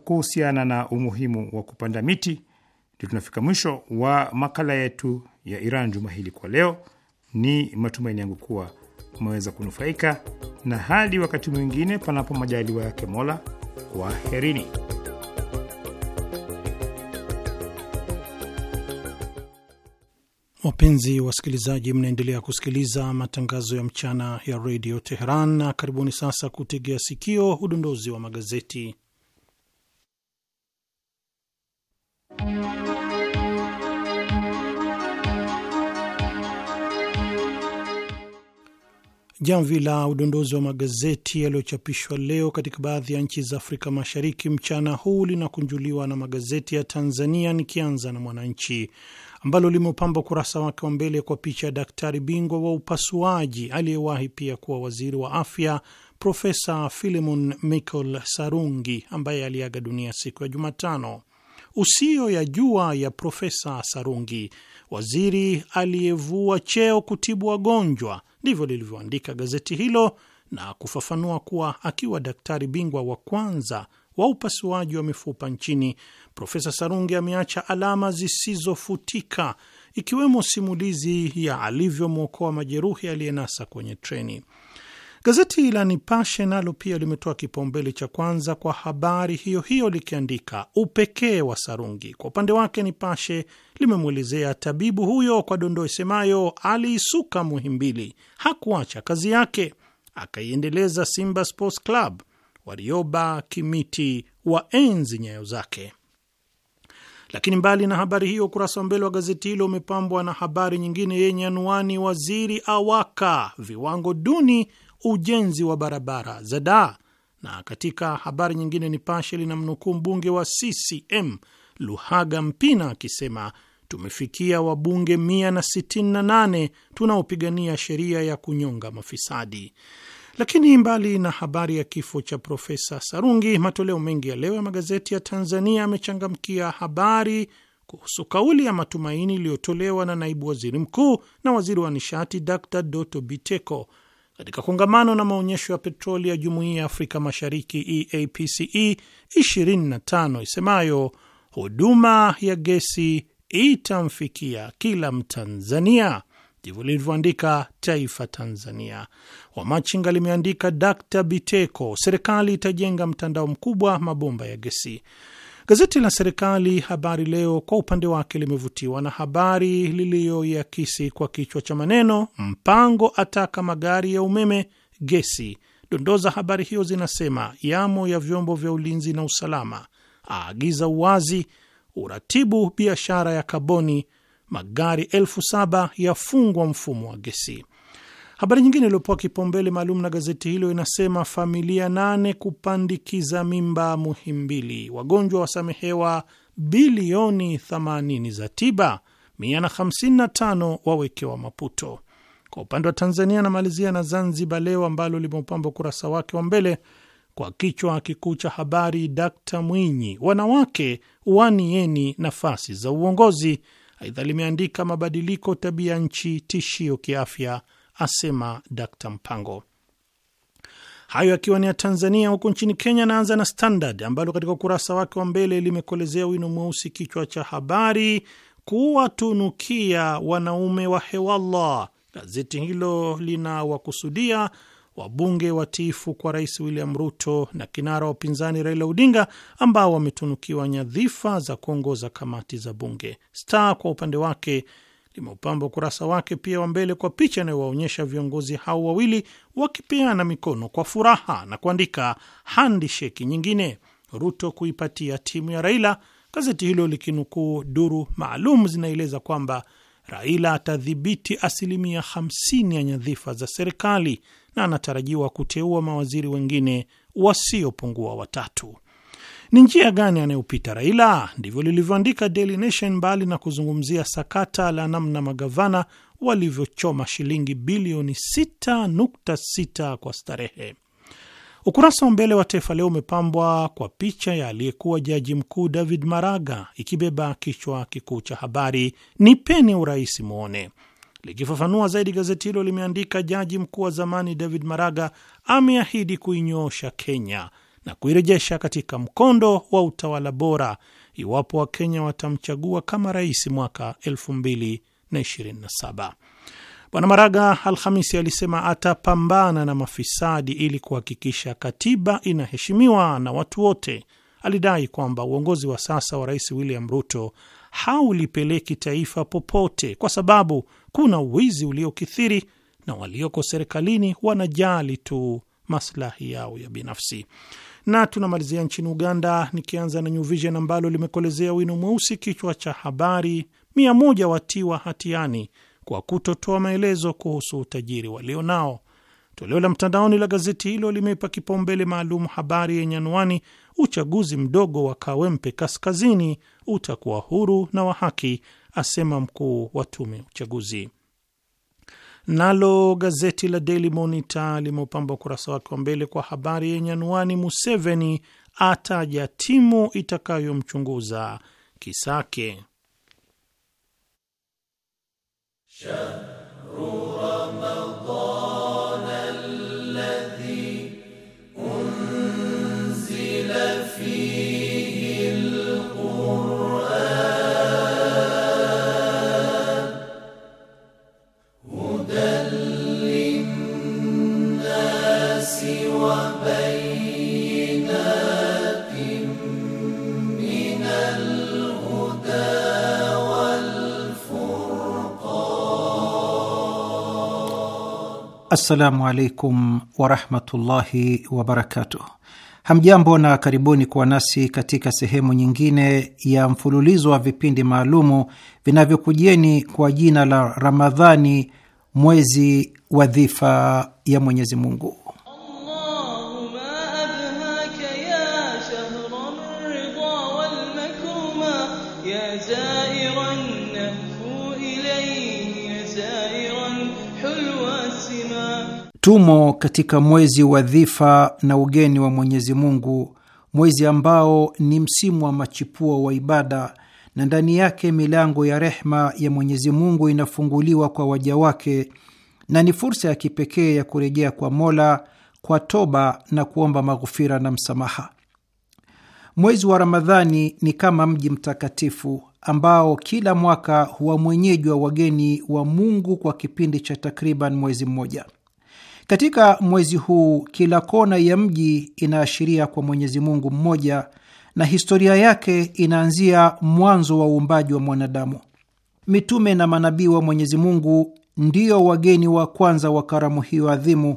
kuhusiana na umuhimu wa kupanda miti, ndio tunafika mwisho wa makala yetu ya Iran juma hili kwa leo. Ni matumaini yangu kuwa umeweza kunufaika, na hadi wakati mwingine, panapo majaliwa yake Mola, kwaherini. Wapenzi wasikilizaji, mnaendelea kusikiliza matangazo ya mchana ya redio Teheran, na karibuni sasa kutegea sikio udondozi wa magazeti. Jamvi la udondozi wa magazeti yaliyochapishwa leo katika baadhi ya nchi za Afrika Mashariki mchana huu linakunjuliwa na magazeti ya Tanzania, nikianza na Mwananchi ambalo limeupamba ukurasa wake wa mbele kwa picha ya daktari bingwa wa upasuaji aliyewahi pia kuwa waziri wa afya Profesa Philemon Michael Sarungi ambaye aliaga dunia siku ya Jumatano. Usio ya jua ya Profesa Sarungi, waziri aliyevua cheo kutibu wagonjwa, ndivyo lilivyoandika gazeti hilo na kufafanua kuwa akiwa daktari bingwa wa kwanza wa upasuaji wa mifupa nchini Profesa Sarungi ameacha alama zisizofutika ikiwemo simulizi ya alivyomwokoa majeruhi aliyenasa kwenye treni. Gazeti la Nipashe nalo pia limetoa kipaumbele cha kwanza kwa habari hiyo hiyo likiandika upekee wa Sarungi. Kwa upande wake, Nipashe limemwelezea tabibu huyo kwa dondoo isemayo, aliisuka Muhimbili, hakuacha kazi yake, akaiendeleza Simba Sports Club. Warioba, Kimiti waenzi nyayo zake. Lakini mbali na habari hiyo, ukurasa wa mbele wa gazeti hilo umepambwa na habari nyingine yenye anwani, waziri awaka viwango duni ujenzi wa barabara da Na katika habari nyingine, Nipashe linamnukuu mbunge wa CCM Luhaga Mpina akisema tumefikia wabunge 168 tunaopigania sheria ya kunyonga mafisadi. Lakini mbali na habari ya kifo cha Profesa Sarungi, matoleo mengi ya leo ya magazeti ya Tanzania amechangamkia habari kuhusu kauli ya matumaini iliyotolewa na naibu waziri mkuu na waziri wa nishati Dr Doto Biteko katika kongamano na maonyesho ya petroli ya Jumuiya ya Afrika Mashariki EAPCE 25 e, isemayo huduma ya gesi itamfikia kila Mtanzania ndivyo lilivyoandika Taifa Tanzania. Wamachinga limeandika Dkt Biteko, serikali itajenga mtandao mkubwa mabomba ya gesi. Gazeti la serikali Habari Leo kwa upande wake limevutiwa na habari liliyoiakisi kwa kichwa cha maneno Mpango ataka magari ya umeme gesi. Dondoo za habari hiyo zinasema yamo ya vyombo vya ulinzi na usalama, aagiza uwazi uratibu biashara ya kaboni magari elfu saba yafungwa mfumo wa gesi. Habari nyingine iliyopewa kipaumbele maalum na gazeti hilo inasema familia nane kupandikiza mimba Muhimbili, wagonjwa wasamehewa bilioni 80 za tiba, 155 wawekewa maputo. Kwa upande wa Tanzania anamalizia na Zanzibar Leo ambalo limeupamba ukurasa wake wa mbele kwa kichwa kikuu cha habari, Dkt Mwinyi, wanawake wanieni nafasi za uongozi, Aidha limeandika mabadiliko tabia nchi tishio kiafya, asema Dkt Mpango. Hayo akiwa ni ya Tanzania. Huko nchini Kenya, anaanza na Standard ambalo katika ukurasa wake wa mbele limekolezea wino mweusi kichwa cha habari kuwatunukia wanaume wa Hewallah. Gazeti hilo linawakusudia wabunge watiifu kwa Rais William Ruto na kinara wa upinzani Raila Odinga ambao wametunukiwa nyadhifa za kuongoza kamati za bunge. Star kwa upande wake limeupamba ukurasa wake pia wa mbele kwa picha inayowaonyesha viongozi hao wawili wakipeana mikono kwa furaha na kuandika handisheki nyingine, Ruto kuipatia timu ya Raila. Gazeti hilo likinukuu duru maalum zinaeleza kwamba Raila atadhibiti asilimia 50 ya nyadhifa za serikali na anatarajiwa kuteua mawaziri wengine wasiopungua watatu. Ni njia gani anayopita Raila? Ndivyo lilivyoandika Daily Nation, mbali na kuzungumzia sakata la namna magavana walivyochoma shilingi bilioni 6.6 kwa starehe. Ukurasa wa mbele wa Taifa Leo umepambwa kwa picha ya aliyekuwa jaji mkuu David Maraga ikibeba kichwa kikuu cha habari, nipeni urais mwone Likifafanua zaidi gazeti hilo limeandika, jaji mkuu wa zamani David Maraga ameahidi kuinyoosha Kenya na kuirejesha katika mkondo wa utawala bora iwapo Wakenya watamchagua kama rais mwaka 2027. Bwana Maraga Alhamisi alisema atapambana na mafisadi ili kuhakikisha katiba inaheshimiwa na watu wote. Alidai kwamba uongozi wa sasa wa Rais William Ruto haulipeleki taifa popote, kwa sababu kuna uwizi uliokithiri na walioko serikalini wanajali tu maslahi yao ya binafsi. Na tunamalizia nchini Uganda, nikianza na New Vision ambalo limekolezea wino mweusi kichwa cha habari, mia moja watiwa hatiani kwa kutotoa maelezo kuhusu utajiri walio nao Toleo la mtandaoni la gazeti hilo limeipa kipaumbele maalum habari yenye anwani uchaguzi mdogo wa Kawempe Kaskazini utakuwa huru na wa haki, asema mkuu wa tume ya uchaguzi. Nalo gazeti la Daily Monitor limeupamba ukurasa wake wa mbele kwa habari yenye anuani, Museveni ataja timu itakayomchunguza Kisake. Assalamu alaikum warahmatullahi wabarakatuh. Hamjambo na karibuni kuwa nasi katika sehemu nyingine ya mfululizo wa vipindi maalumu vinavyokujieni kwa jina la Ramadhani, mwezi wa dhifa ya Mwenyezi Mungu. Tumo katika mwezi wa dhifa na ugeni wa Mwenyezi Mungu, mwezi ambao ni msimu wa machipuo wa ibada na ndani yake milango ya rehma ya Mwenyezi Mungu inafunguliwa kwa waja wake na ni fursa ya kipekee ya kurejea kwa Mola kwa toba na kuomba maghufira na msamaha. Mwezi wa Ramadhani ni kama mji mtakatifu ambao kila mwaka huwa mwenyeji wa wageni wa Mungu kwa kipindi cha takriban mwezi mmoja. Katika mwezi huu kila kona ya mji inaashiria kwa Mwenyezi Mungu mmoja na historia yake inaanzia mwanzo wa uumbaji wa mwanadamu. Mitume na manabii wa Mwenyezi Mungu ndiyo wageni wa kwanza wa karamu hiyo adhimu,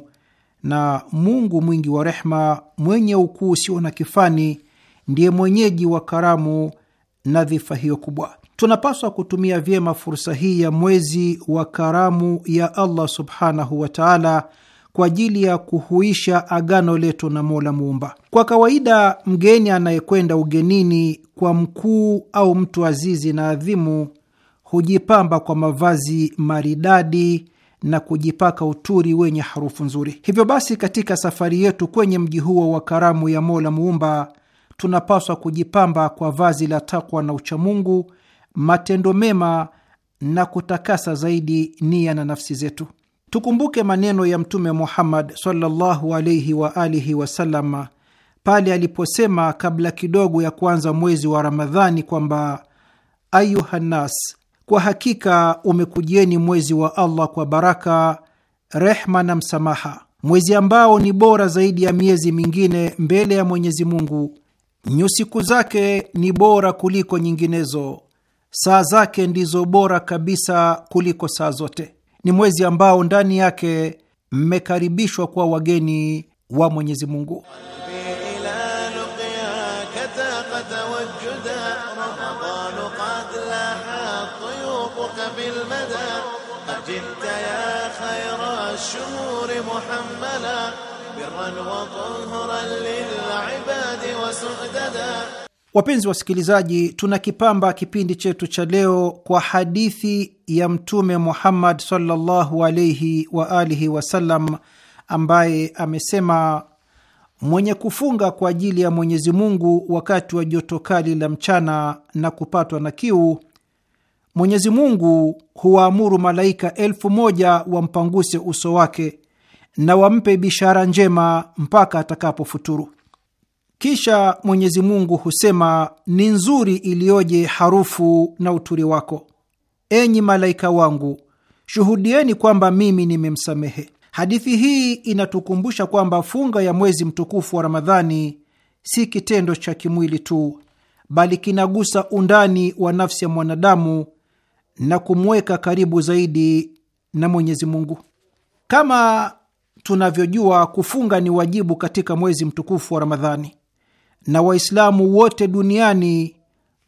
na Mungu mwingi wa rehma mwenye ukuu usio na kifani, ndiye mwenyeji wa karamu na dhifa hiyo kubwa. Tunapaswa kutumia vyema fursa hii ya mwezi wa karamu ya Allah subhanahu wataala kwa ajili ya kuhuisha agano letu na Mola Muumba. Kwa kawaida, mgeni anayekwenda ugenini kwa mkuu au mtu azizi na adhimu hujipamba kwa mavazi maridadi na kujipaka uturi wenye harufu nzuri. Hivyo basi, katika safari yetu kwenye mji huo wa karamu ya Mola Muumba, tunapaswa kujipamba kwa vazi la takwa na uchamungu, matendo mema na kutakasa zaidi nia na nafsi zetu. Tukumbuke maneno ya Mtume Muhammad sallallahu alaihi wa alihi wasallam pale aliposema kabla kidogo ya kuanza mwezi wa Ramadhani kwamba ayuhannas, kwa hakika umekujieni mwezi wa Allah kwa baraka, rehma na msamaha, mwezi ambao ni bora zaidi ya miezi mingine mbele ya Mwenyezi Mungu. Nyusiku zake ni bora kuliko nyinginezo, saa zake ndizo bora kabisa kuliko saa zote. Ni mwezi ambao ndani yake mmekaribishwa kuwa wageni wa Mwenyezi Mungu. Wapenzi wasikilizaji, tunakipamba kipindi chetu cha leo kwa hadithi ya Mtume Muhammad sallallahu alaihi wa alihi wasallam, ambaye amesema, mwenye kufunga kwa ajili ya Mwenyezi Mungu wakati wa joto kali la mchana na kupatwa na kiu, Mwenyezi Mungu huwaamuru malaika elfu moja wampanguse uso wake na wampe bishara njema mpaka atakapofuturu. Kisha Mwenyezi Mungu husema, ni nzuri iliyoje harufu na uturi wako. Enyi malaika wangu, shuhudieni kwamba mimi nimemsamehe. Hadithi hii inatukumbusha kwamba funga ya mwezi mtukufu wa Ramadhani si kitendo cha kimwili tu, bali kinagusa undani wa nafsi ya mwanadamu na kumweka karibu zaidi na Mwenyezi Mungu. Kama tunavyojua, kufunga ni wajibu katika mwezi mtukufu wa Ramadhani na Waislamu wote duniani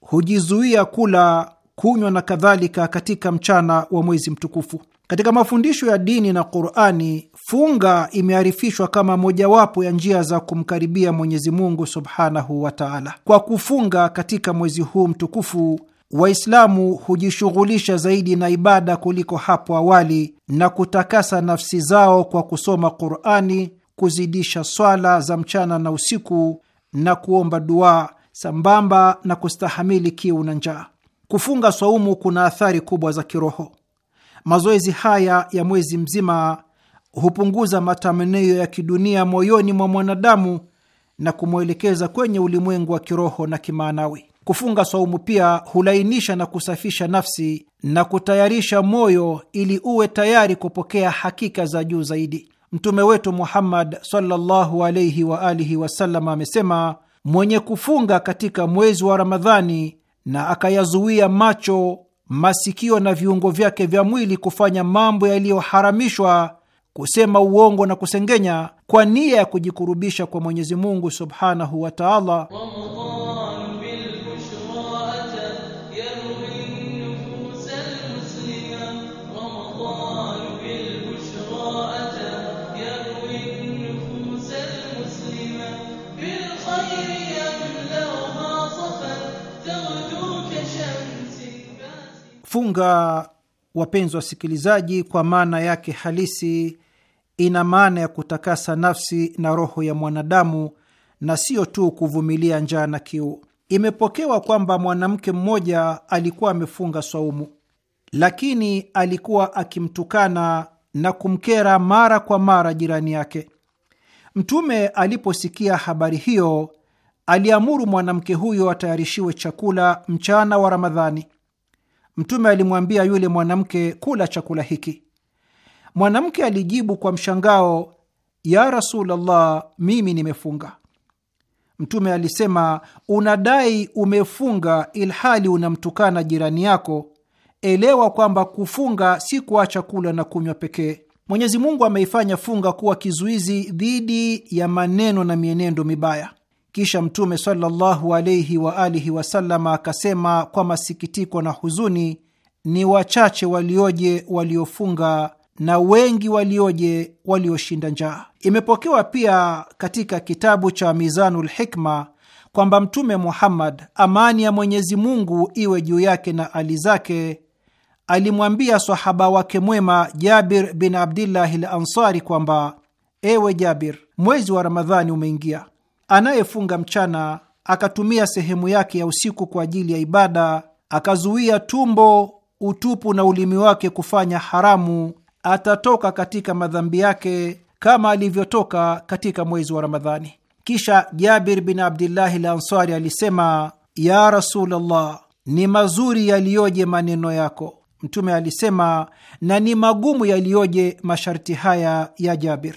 hujizuia kula, kunywa na kadhalika katika mchana wa mwezi mtukufu. Katika mafundisho ya dini na Qurani, funga imearifishwa kama mojawapo ya njia za kumkaribia Mwenyezi Mungu subhanahu wa taala. Kwa kufunga katika mwezi huu mtukufu, Waislamu hujishughulisha zaidi na ibada kuliko hapo awali na kutakasa nafsi zao kwa kusoma Qurani, kuzidisha swala za mchana na usiku na kuomba dua sambamba na kustahamili kiu na njaa. Kufunga swaumu kuna athari kubwa za kiroho. Mazoezi haya ya mwezi mzima hupunguza matamanio ya kidunia moyoni mwa mwanadamu na kumwelekeza kwenye ulimwengu wa kiroho na kimaanawi. Kufunga swaumu pia hulainisha na kusafisha nafsi na kutayarisha moyo ili uwe tayari kupokea hakika za juu zaidi. Mtume wetu Muhammad sallallahu alaihi wa alihi wasallam amesema, mwenye kufunga katika mwezi wa Ramadhani na akayazuia macho, masikio na viungo vyake vya mwili kufanya mambo yaliyoharamishwa, kusema uongo na kusengenya, kwa nia ya kujikurubisha kwa Mwenyezi Mungu subhanahu wa taala Funga, wapenzi wasikilizaji, kwa maana yake halisi ina maana ya kutakasa nafsi na roho ya mwanadamu na siyo tu kuvumilia njaa na kiu. Imepokewa kwamba mwanamke mmoja alikuwa amefunga swaumu, lakini alikuwa akimtukana na kumkera mara kwa mara jirani yake. Mtume aliposikia habari hiyo, aliamuru mwanamke huyo atayarishiwe chakula mchana wa Ramadhani. Mtume alimwambia yule mwanamke, kula chakula hiki. Mwanamke alijibu kwa mshangao, ya Rasulullah, mimi nimefunga. Mtume alisema, unadai umefunga ilhali unamtukana jirani yako. Elewa kwamba kufunga si kuacha kula na kunywa pekee. Mwenyezi Mungu ameifanya funga kuwa kizuizi dhidi ya maneno na mienendo mibaya. Kisha Mtume sallallahu alaihi wa alihi akasema kwa masikitiko na huzuni, ni wachache walioje waliofunga na wengi walioje walioshinda njaa. Imepokewa pia katika kitabu cha Mizanul Hikma kwamba Mtume Muhammad, amani ya Mwenyezi Mungu iwe juu yake na ali zake, alimwambia sahaba wake mwema Jabir bin Abdillahi Al Ansari kwamba, ewe Jabir, mwezi wa Ramadhani umeingia anayefunga mchana akatumia sehemu yake ya usiku kwa ajili ya ibada, akazuia tumbo, utupu na ulimi wake kufanya haramu, atatoka katika madhambi yake kama alivyotoka katika mwezi wa Ramadhani. Kisha Jabir bin Abdillahi la Ansari alisema, ya Rasulullah, ni mazuri yaliyoje maneno yako. Mtume alisema, na ni magumu yaliyoje masharti haya ya Jabir.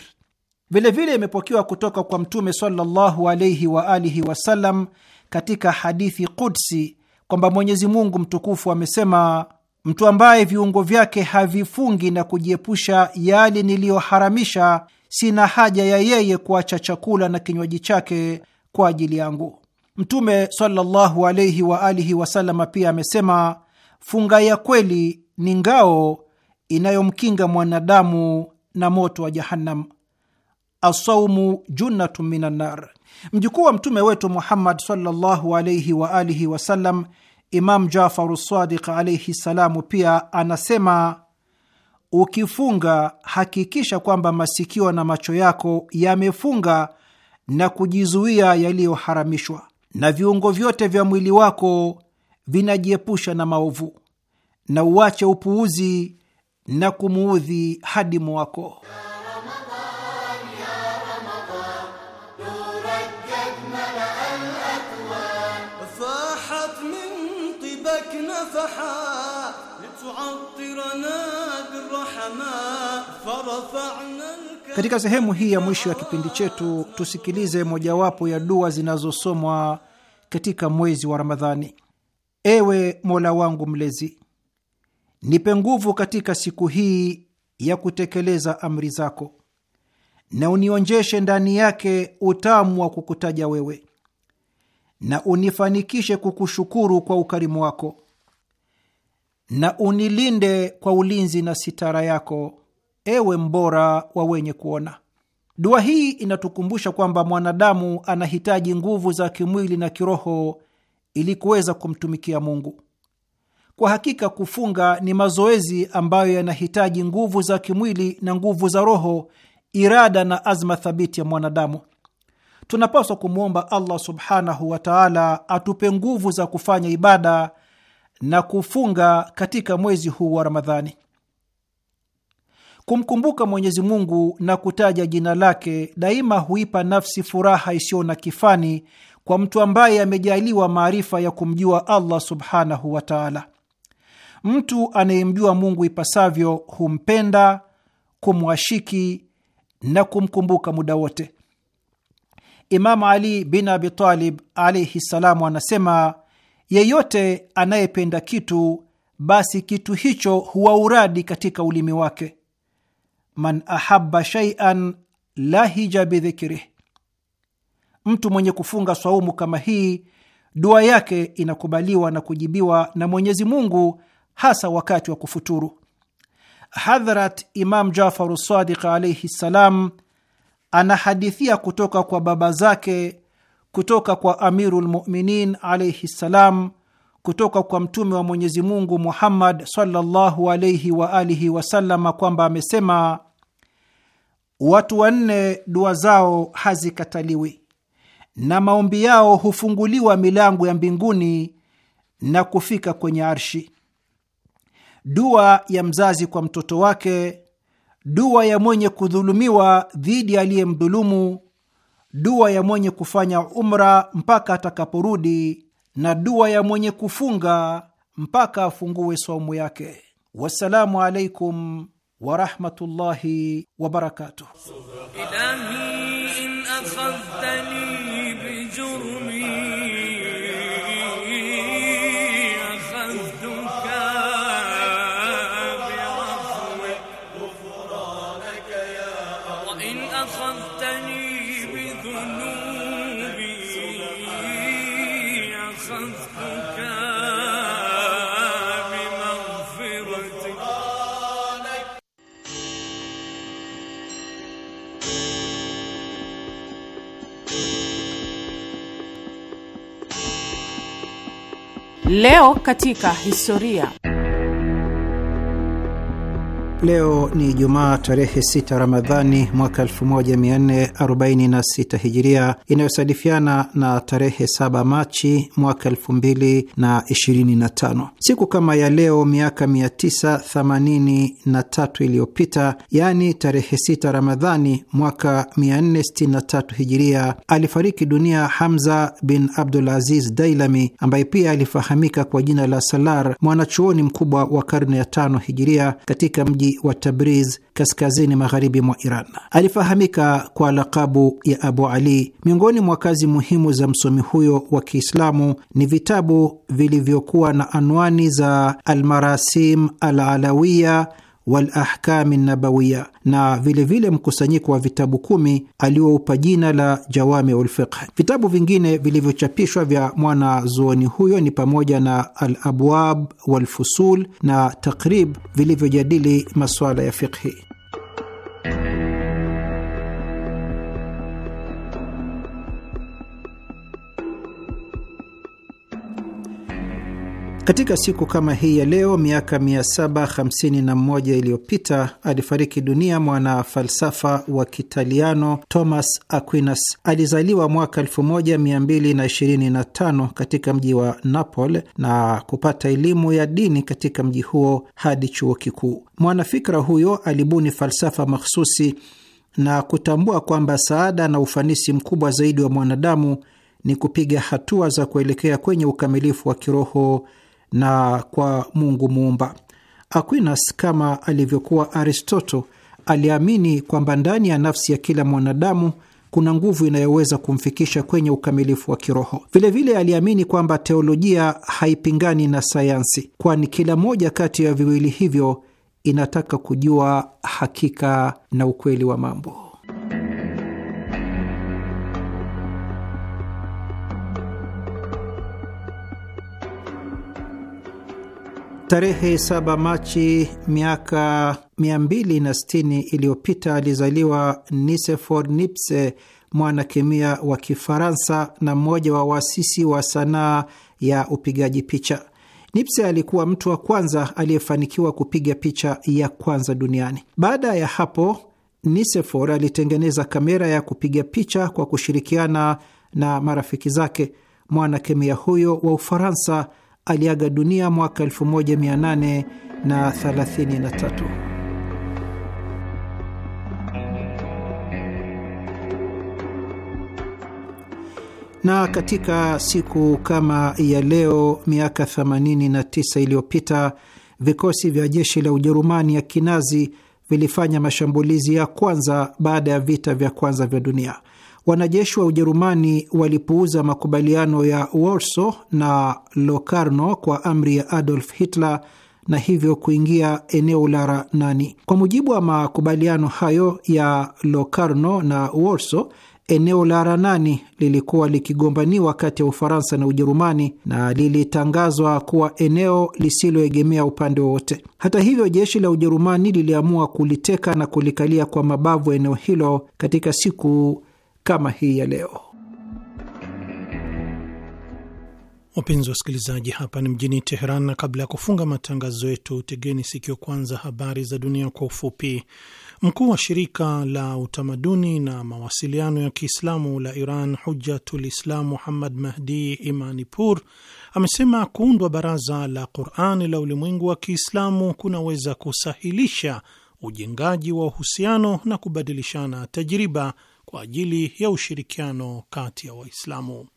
Vilevile imepokewa kutoka kwa Mtume sallallahu alaihi wa alihi wasallam katika hadithi kudsi kwamba Mwenyezi Mungu mtukufu amesema, mtu ambaye viungo vyake havifungi na kujiepusha yale niliyoharamisha, sina haja ya yeye kuacha chakula na kinywaji chake kwa ajili yangu. Mtume sallallahu alaihi wa alihi wasallam pia amesema, funga ya kweli ni ngao inayomkinga mwanadamu na moto wa Jahannam asaumu junnatun minan nar. Mjukuu wa mtume wetu Muhammad sallallahu alaihi wa alihi wasallam, Imam Jafaru Sadiq alaihi salamu, pia anasema ukifunga hakikisha kwamba masikio na macho yako yamefunga na kujizuia yaliyoharamishwa, na viungo vyote vya mwili wako vinajiepusha na maovu, na uache upuuzi na kumuudhi hadimu wako. Katika sehemu hii ya mwisho ya kipindi chetu tusikilize mojawapo ya dua zinazosomwa katika mwezi wa Ramadhani. Ewe Mola wangu Mlezi, nipe nguvu katika siku hii ya kutekeleza amri zako, na unionjeshe ndani yake utamu wa kukutaja wewe, na unifanikishe kukushukuru kwa ukarimu wako, na unilinde kwa ulinzi na sitara yako ewe mbora wa wenye kuona. Dua hii inatukumbusha kwamba mwanadamu anahitaji nguvu za kimwili na kiroho ili kuweza kumtumikia Mungu. Kwa hakika kufunga ni mazoezi ambayo yanahitaji nguvu za kimwili na nguvu za roho, irada na azma thabiti ya mwanadamu. Tunapaswa kumwomba Allah subhanahu wa taala atupe nguvu za kufanya ibada na kufunga katika mwezi huu wa Ramadhani. Kumkumbuka Mwenyezi Mungu na kutaja jina lake daima huipa nafsi furaha isiyo na kifani kwa mtu ambaye amejaliwa maarifa ya kumjua Allah subhanahu wa taala. Mtu anayemjua Mungu ipasavyo humpenda, kumwashiki na kumkumbuka muda wote. Imamu Ali bin Abi Talib alaihi ssalamu anasema, yeyote anayependa kitu basi kitu hicho huwa uradi katika ulimi wake man ahaba shaian lahija bidhikrih, mtu mwenye kufunga swaumu kama hii dua yake inakubaliwa na kujibiwa na Mwenyezi Mungu, hasa wakati wa kufuturu. Hadhrat Imam Jafaru Sadiq alaihi ssalam anahadithia kutoka kwa baba zake, kutoka kwa Amiru lmuminin alaihi ssalam, kutoka kwa Mtume wa Mwenyezi Mungu Muhammad sallallahu alaihi waalihi wasalama kwamba amesema Watu wanne dua zao hazikataliwi na maombi yao hufunguliwa milango ya mbinguni na kufika kwenye arshi. Dua ya mzazi kwa mtoto wake, dua ya mwenye kudhulumiwa dhidi aliyemdhulumu, dua ya mwenye kufanya umra mpaka atakaporudi, na dua ya mwenye kufunga mpaka afungue saumu yake. Wassalamu alaikum ورحمة الله وبركاته إلهي إن أخذتني بجرمي Leo katika historia Leo ni Jumaa tarehe 6 Ramadhani mwaka 1446 Hijiria, inayosadifiana na tarehe 7 Machi mwaka 2025. Siku kama ya leo miaka 983 iliyopita, yaani tarehe 6 Ramadhani mwaka 463 Hijiria, alifariki dunia Hamza bin Abdul Aziz Dailami ambaye pia alifahamika kwa jina la Salar, mwanachuoni mkubwa wa karne ya tano Hijiria katika mji wa Tabriz kaskazini magharibi mwa Iran. Alifahamika kwa lakabu ya Abu Ali. Miongoni mwa kazi muhimu za msomi huyo wa Kiislamu ni vitabu vilivyokuwa na anwani za Almarasim Alalawiya walahkami nabawiya, na vilevile mkusanyiko wa vitabu kumi alioupa jina la Jawami Ulfiqh. Vitabu vingine vilivyochapishwa vya mwana zuoni huyo ni pamoja na Alabwab Walfusul na Takrib vilivyojadili masuala ya fiqhi. Katika siku kama hii ya leo miaka 751 iliyopita alifariki dunia mwana falsafa wa Kitaliano Thomas Aquinas. Alizaliwa mwaka 1225 katika mji wa Napoli na kupata elimu ya dini katika mji huo hadi chuo kikuu. Mwanafikra huyo alibuni falsafa mahsusi na kutambua kwamba saada na ufanisi mkubwa zaidi wa mwanadamu ni kupiga hatua za kuelekea kwenye ukamilifu wa kiroho na kwa Mungu Muumba. Aquinas, kama alivyokuwa Aristoto, aliamini kwamba ndani ya nafsi ya kila mwanadamu kuna nguvu inayoweza kumfikisha kwenye ukamilifu wa kiroho. Vilevile aliamini kwamba teolojia haipingani na sayansi, kwani kila moja kati ya viwili hivyo inataka kujua hakika na ukweli wa mambo. Tarehe 7 Machi miaka 260 iliyopita alizaliwa Nisefor Nipse, mwanakemia wa Kifaransa na mmoja wa waasisi wa sanaa ya upigaji picha. Nipse alikuwa mtu wa kwanza aliyefanikiwa kupiga picha ya kwanza duniani. Baada ya hapo, Nisefor alitengeneza kamera ya kupiga picha kwa kushirikiana na marafiki zake. Mwanakemia huyo wa Ufaransa aliaga dunia mwaka 1833. na katika siku kama ya leo miaka 89 iliyopita vikosi vya jeshi la Ujerumani ya kinazi vilifanya mashambulizi ya kwanza baada ya vita vya kwanza vya dunia. Wanajeshi wa Ujerumani walipuuza makubaliano ya Warsaw na Locarno kwa amri ya Adolf Hitler na hivyo kuingia eneo la Ranani. Kwa mujibu wa makubaliano hayo ya Locarno na Warsaw, eneo la Ranani lilikuwa likigombaniwa kati ya Ufaransa na Ujerumani na lilitangazwa kuwa eneo lisiloegemea upande wowote. Hata hivyo, jeshi la Ujerumani liliamua kuliteka na kulikalia kwa mabavu eneo hilo katika siku kama hii ya leo. Wapenzi wa wasikilizaji, hapa ni mjini Teheran, na kabla ya kufunga matangazo yetu, tegeni sikio kwanza habari za dunia kwa ufupi. Mkuu wa shirika la utamaduni na mawasiliano ya Kiislamu la Iran, Hujjatul Islam Muhammad Mahdi Imanipur, amesema kuundwa baraza la quran la ulimwengu wa Kiislamu kunaweza kusahilisha ujengaji wa uhusiano na kubadilishana tajiriba kwa ajili ya ushirikiano kati ya Waislamu.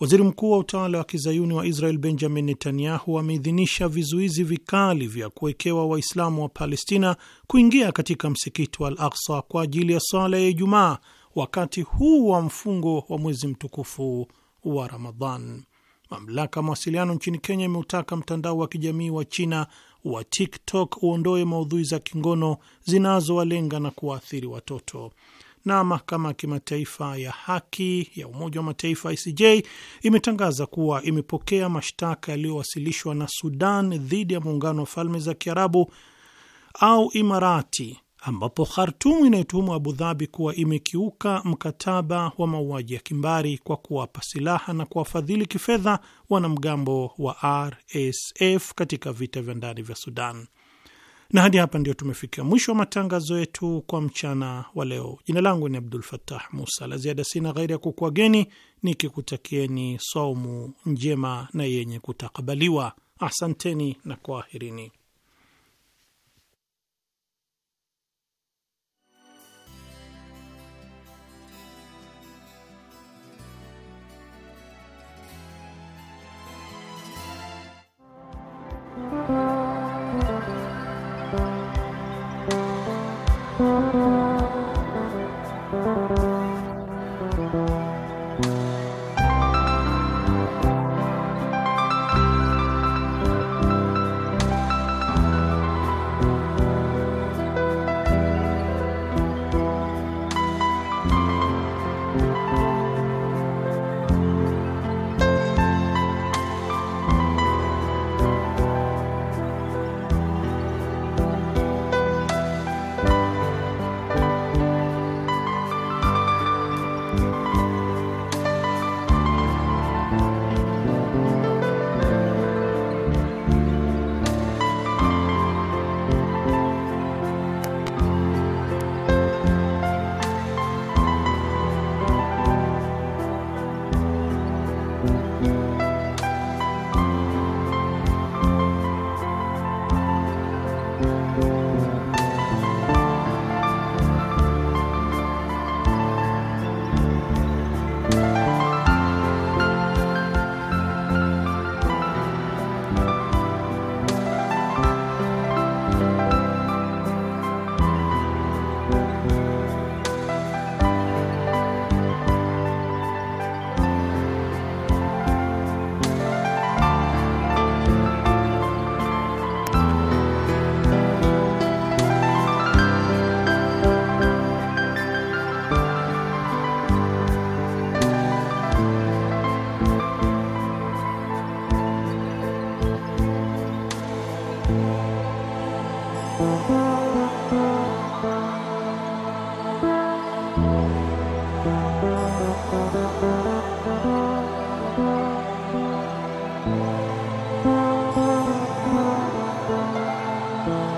Waziri mkuu wa utawala wa kizayuni wa Israel Benjamin Netanyahu ameidhinisha vizuizi vikali vya kuwekewa Waislamu wa Palestina kuingia katika msikiti wa Al Aksa kwa ajili ya swala ya Ijumaa wakati huu wa mfungo wa mwezi mtukufu wa Ramadhan. Mamlaka ya mawasiliano nchini Kenya imeutaka mtandao wa kijamii wa China wa TikTok uondoe maudhui za kingono zinazowalenga na kuwaathiri watoto na mahakama ya kimataifa ya haki ya Umoja wa Mataifa ICJ imetangaza kuwa imepokea mashtaka yaliyowasilishwa na Sudan dhidi ya Muungano wa Falme za Kiarabu au Imarati, ambapo Khartum inayotuhumu Abu Dhabi kuwa imekiuka mkataba wa mauaji ya kimbari kwa kuwapa silaha na kuwafadhili kifedha wanamgambo wa RSF katika vita vya ndani vya Sudan. Na hadi hapa ndio tumefikia mwisho wa matangazo yetu kwa mchana wa leo. Jina langu ni Abdul Fattah Musa. La ziada sina ghairi ya kukuageni nikikutakieni saumu njema na yenye kutakabaliwa. Asanteni na kwaherini.